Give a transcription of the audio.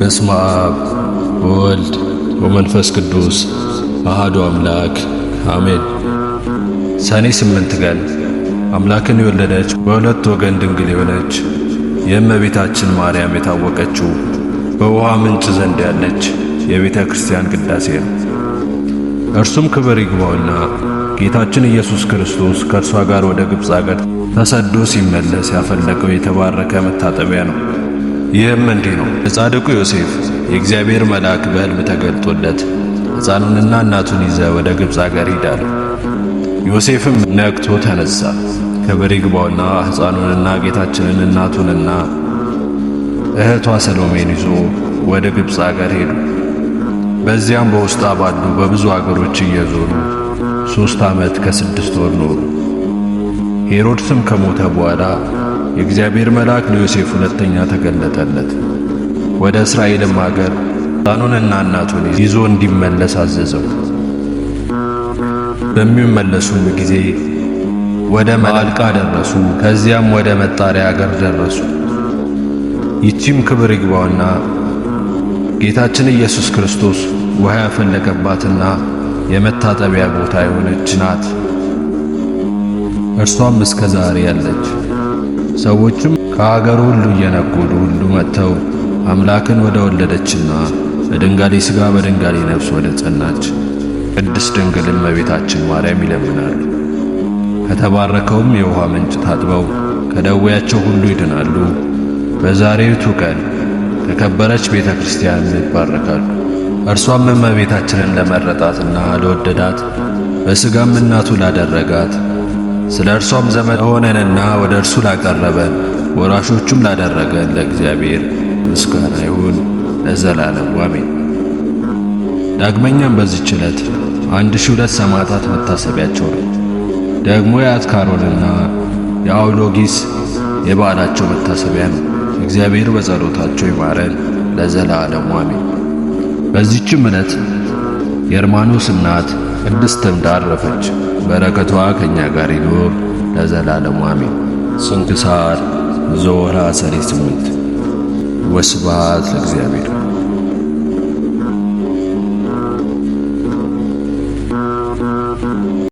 በስመ አብ ወወልድ ወመንፈስ ቅዱስ አሃዱ አምላክ አሜን። ሰኔ ስምንት ቀን አምላክን የወለደች በሁለት ወገን ድንግል የሆነች የእመቤታችን ማርያም የታወቀችው በውሃ ምንጭ ዘንድ ያለች የቤተ ክርስቲያን ቅዳሴ ነው። እርሱም ክብር ይግባውና ጌታችን ኢየሱስ ክርስቶስ ከእርሷ ጋር ወደ ግብፅ አገር ተሰዶ ሲመለስ ያፈለቀው የተባረከ መታጠቢያ ነው። ይህም እንዲህ ነው። የጻድቁ ዮሴፍ የእግዚአብሔር መልአክ በሕልም ተገልጦለት ሕፃኑንና እናቱን ይዘ ወደ ግብፅ አገር ሂዳሉ። ዮሴፍም ነግቶ ተነሳ። ክብር ይግባውና ሕፃኑንና ጌታችንን እናቱንና እህቷ ሰሎሜን ይዞ ወደ ግብፅ አገር ሄዱ። በዚያም በውስጣ ባሉ በብዙ አገሮች እየዞሩ ሦስት ዓመት ከስድስት ወር ኖሩ። ሄሮድስም ከሞተ በኋላ የእግዚአብሔር መልአክ ለዮሴፍ ሁለተኛ ተገለጠለት። ወደ እስራኤልም አገር ሕፃኑንና እናቱን ይዞ እንዲመለስ አዘዘው። በሚመለሱም ጊዜ ወደ መልቃ ደረሱ። ከዚያም ወደ መጣሪያ አገር ደረሱ። ይቺም ክብር ይግባውና ጌታችን ኢየሱስ ክርስቶስ ውሃ ያፈለቀባትና የመታጠቢያ ቦታ የሆነች ናት። እርሷም እስከ ዛሬ ያለች ሰዎችም ከአገሩ ሁሉ እየነጎዱ ሁሉ መጥተው አምላክን ወደ ወለደችና በድንጋሌ ሥጋ በድንጋሌ ነፍስ ወደ ጸናች ቅድስት ድንግል እመቤታችን ማርያም ይለምናሉ። ከተባረከውም የውሃ ምንጭ ታጥበው ከደዌያቸው ሁሉ ይድናሉ። በዛሬቱ ቀን ከከበረች ቤተ ክርስቲያን ይባረካሉ። እርሷም እመቤታችንን ለመረጣትና ለወደዳት በሥጋም እናቱ ላደረጋት ስለ እርሷም ዘመድ ሆነንና ወደ እርሱ ላቀረበን ወራሾቹም ላደረገን ለእግዚአብሔር ምስጋና ይሁን ለዘላለም አሜን። ዳግመኛም በዚህች ዕለት አንድ ሺ ሁለት ሰማዕታት መታሰቢያቸው ነው። ደግሞ የአትካሮንና የአውሎጊስ የበዓላቸው መታሰቢያ ነው። እግዚአብሔር በጸሎታቸው ይማረን ለዘላለም አሜን። በዚህችም ዕለት የርማኖስ እናት ቅድስትም ዳረፈች። በረከቷ ከእኛ ጋር ይኖር ለዘላለሙ አሜን። ስንክሳር ዘወርኀ ሠኔ ስምንት ወስብሐት ለእግዚአብሔር